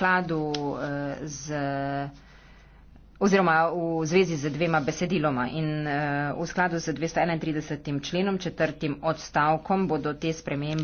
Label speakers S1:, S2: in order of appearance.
S1: skladu eh, z oziroma v zvezi z dvema besediloma in eh, v skladu z 231. členom četrtim odstavkom
S2: bodo te spremembe